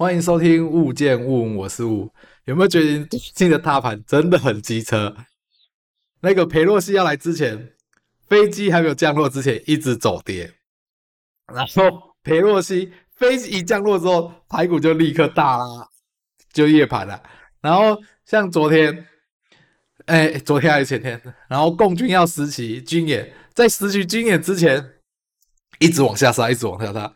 歡迎收聽吳見吳，我是吳。有沒有覺得新的大盤真的很機車？那個裴洛西要來之前，飛機還沒有降落之前，一直走跌。然後裴洛西飛機一降落之後，台股就立刻大拉，就夜盤了。然後像昨天，哎，昨天還是前天，然後共軍要拾起軍演，在拾起軍演之前，一直往下殺，一直往下殺。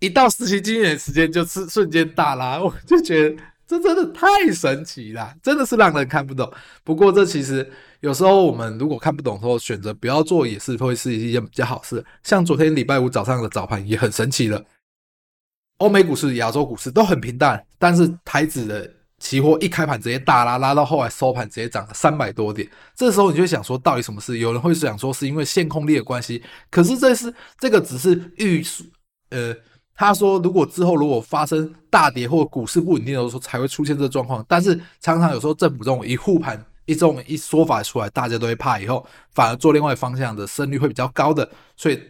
一到實習經驗的時間，就是瞬間大拉，我就覺得這真的太神奇了，真的是讓人看不懂。不過這其實有時候我們如果看不懂的時候，選擇不要做，也是會是一件比較好事。像昨天禮拜五早上的早盤也很神奇了。歐美股市、亞洲股市都很平淡，但是台指的期貨一開盤直接大拉，拉到後來收盤直接漲了三百多點。這時候你就想說，到底什麼事？有人會想說是因為限空令的關係，可是這是這個只是預呃。他說：“如果之後如果發生大跌或股市不穩定的時候，才會出現這狀況。但是常常有時候政府這種一護盤、一這種一說法出來，大家都會怕，以後反而做另外一方向的勝率會比較高的，所以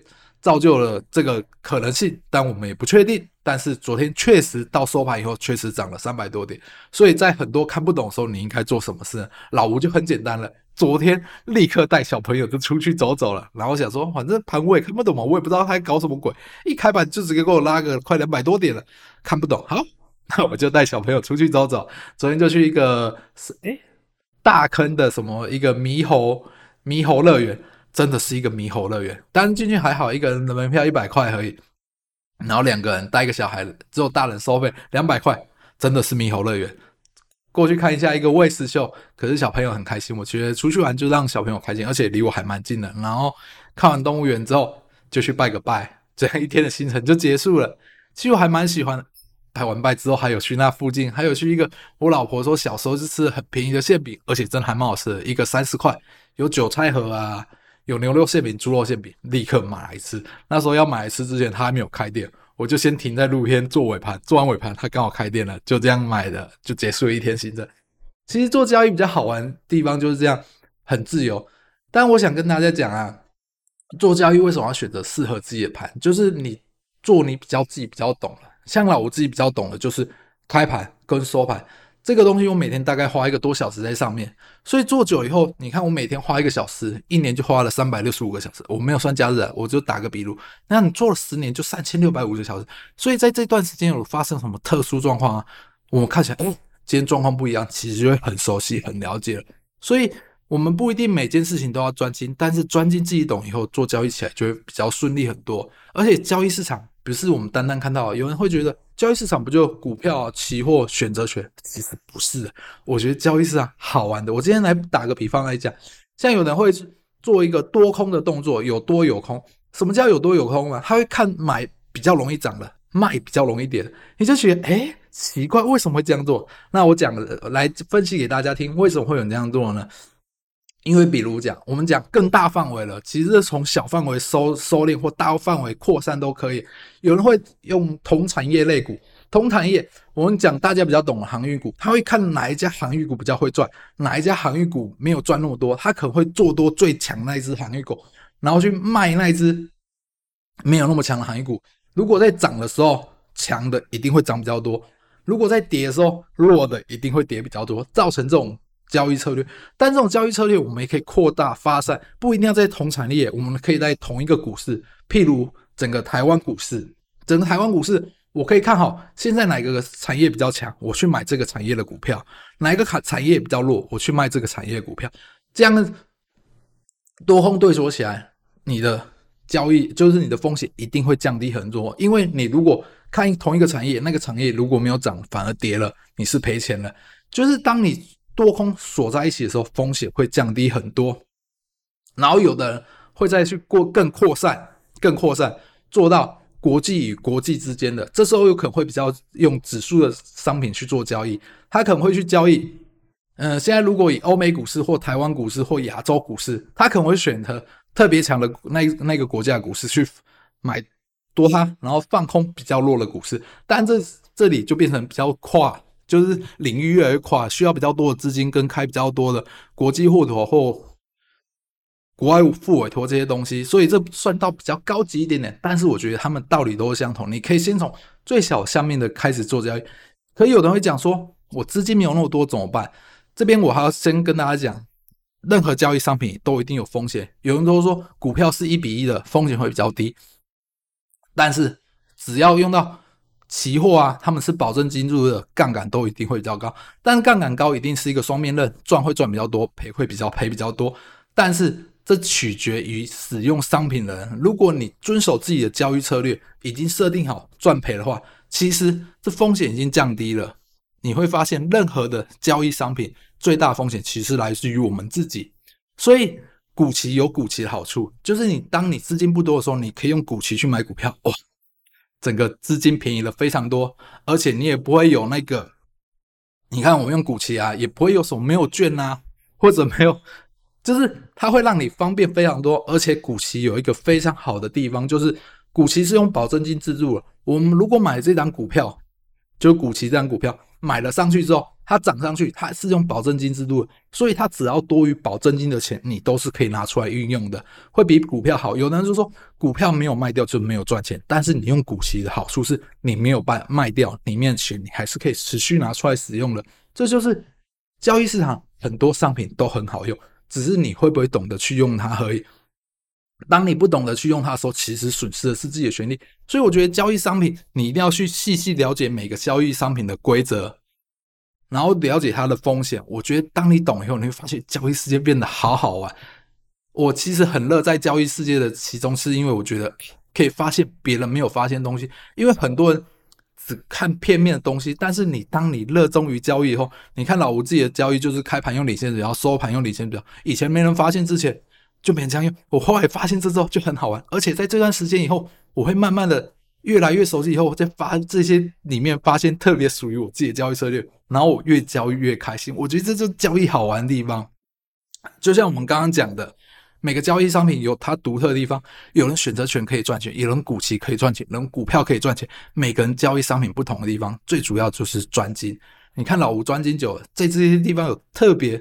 造就了這個可能性。但我們也不確定。但是昨天確實到收盤以後，確實漲了三百多點。所以在很多看不懂的時候，你應該做什麼事？老吳就很簡單了。”昨天立刻帶小朋友就出去走走了，然後我想說反正盤我也看不懂嘛，我也不知道他在搞什麼鬼。一開板就直接給我拉個快兩百多點了，看不懂。好，那我就帶小朋友出去走走。昨天就去一個是哎大坑的什麼一個獼猴獼猴樂園，真的是一個獼猴樂園。當然進去還好，一個人的門票一百塊而已，然後兩個人帶一個小孩，只有大人收費兩百塊，真的是獼猴樂園。過去看一下一個衛視秀，可是小朋友很開心。我覺得出去玩就讓小朋友開心，而且離我還蠻近的。然後看完動物園之後，就去拜個拜，這樣一天的行程就結束了。其實我還蠻喜歡的。拜完拜之後，還有去那附近，還有去一個我老婆說小時候就吃很便宜的餡餅，而且真的還蠻好吃的，一個三十塊，有韭菜盒啊，有牛肉餡餅、豬肉餡餅，立刻買來吃。那時候要買來吃之前，他還沒有開店。我就先停在路邊做尾盤，做完尾盤他剛好開店了，就這樣買的就結束一天行程。其實做交易比較好玩的地方就是這樣，很自由。但我想跟大家講啊，做交易為什麼要選擇適合自己的盤？就是你做你比較自己比較懂的，像老吳自己比較懂的就是開盤跟收盤。這個東西我每天大概花一個多小時在上面，所以做久以後，你看我每天花一個小時，一年就花了三百六十五個小時，我沒有算假日，我就打個比如。那你做了十年就三千六百五十小時，所以在這段時間有發生什麼特殊狀況啊？我們看起來，哎，今天狀況不一樣，其實就會很熟悉、很了解了。所以我們不一定每件事情都要專精，但是專精自己懂以後，做交易起來就會比較順利很多，而且交易市場。不是我們單單看到，有人會覺得交易市場不就股票、期貨、選擇權？其實不是的，我覺得交易市場好玩的。我今天來打個比方來講，像有人會做一個多空的動作，有多有空。什麼叫有多有空呢？他會看買比較容易漲的，賣比較容易跌的，你就覺得誒、欸、奇怪，為什麼會這樣做？那我講來分析給大家聽，為什麼會有這樣做呢？因為，比如講，我們講更大範圍了，其實是從小範圍收收斂或大範圍擴散都可以。有人會用同產業類股，同產業，我們講大家比較懂的航運股，他會看哪一家航運股比較會賺，哪一家航運股沒有賺那麼多，他可能會做多最強那一隻航運股，然後去賣那一隻沒有那麼強的航運股。如果在漲的時候，強的一定會漲比較多，如果在跌的時候，弱的一定會跌比較多，造成這種。交易策略，但這種交易策略我們也可以擴大發散，不一定要在同產業，我們可以在同一個股市，譬如整個台灣股市，整個台灣股市，我可以看好現在哪個產業比較強，我去買這個產業的股票；哪個產產業比較弱，我去賣這個產業的股票。這樣多空對鎖起來，你的交易就是你的風險一定會降低很多，因為你如果看同一個產業，那個產業如果沒有漲反而跌了，你是賠錢了。就是當你。多空鎖在一起的時候，風險會降低很多。然後有的人會再去過更擴散、更擴散，做到國際與國際之間的。這時候有可能會比較用指數的商品去做交易，他可能會去交易。嗯，現在如果以歐美股市或台灣股市或亞洲股市，他可能會選擇特別強的那那個國家的股市去買多它，然後放空比較弱的股市。但這這裡就變成比較跨。就是領域越來越跨，需要比較多的資金，跟開比較多的國際戶頭或國外複委託這些東西，所以這算到比較高級一點點。但是我覺得他們道理都是相同，你可以先從最小下面的開始做交易。可以有人會講說，我資金沒有那麼多怎麼辦？這邊我還要先跟大家講，任何交易商品都一定有風險。有人都說股票是一比一的，風險會比較低，但是只要用到。期貨啊，他們是保證金入的，槓桿都一定會比較高。但槓桿高一定是一個雙面刃，賺會賺比較多，賠會比較賠比較多。但是這取決於使用商品的人。如果你遵守自己的交易策略，已經設定好賺賠的話，其實這風險已經降低了。你會發現，任何的交易商品，最大風險其實來自於我們自己。所以股期有股期的好處，就是你當你資金不多的時候，你可以用股期去買股票，哇、哦。整個資金便宜了非常多，而且你也不會有那個，你看我們用股期啊，也不會有什麼沒有券吶、啊，或者沒有，就是它會讓你方便非常多。而且股期有一個非常好的地方，就是股期是用保證金自助的。我們如果買這張股票，就股期這張股票買了上去之後。它漲上去，它是用保證金制度的，所以它只要多於保證金的錢，你都是可以拿出來運用的，會比股票好。有的人就說股票沒有賣掉就沒有賺錢，但是你用股息的好處是，你沒有辦法賣掉裡面錢，你還是可以持續拿出來使用的。這就是交易市場很多商品都很好用，只是你會不會懂得去用它而已。當你不懂得去用它的時候，其實損失的是自己的權利。所以我覺得交易商品，你一定要去細細了解每個交易商品的規則。然後了解它的風險，我覺得當你懂以後，你會發現交易世界變得好好玩。我其實很樂在交易世界的其中，是因為我覺得可以發現別人沒有發現東西。因為很多人只看片面的東西，但是你當你熱衷於交易以後，你看老吳自己的交易就是開盤用領先指標，然後收盤用領先指標。以前沒人發現之前，就沒人這樣用。我後來發現這之後就很好玩，而且在這段時間以後，我會慢慢的越來越熟悉以後，我再發這些裡面發現特別屬於我自己的交易策略。然後我越交易越開心，我覺得這就是交易好玩的地方。就像我們剛剛講的，每個交易商品有它獨特的地方，有人選擇權可以賺錢，有人股息可以賺錢，有人股票可以賺錢。每個人交易商品不同的地方，最主要就是專精。你看老吳專精久了，在這些地方有特別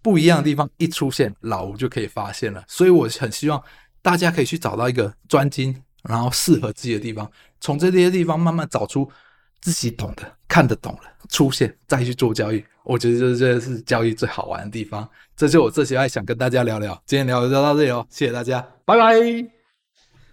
不一樣的地方，一出現老吳就可以發現了。所以我很希望大家可以去找到一個專精，然後適合自己的地方，從這些地方慢慢找出。自己懂得看得懂了，出現再去做交易，我覺得這是交易最好玩的地方。這就我這些話想跟大家聊聊，今天聊就到這裡哦，謝謝大家，拜拜。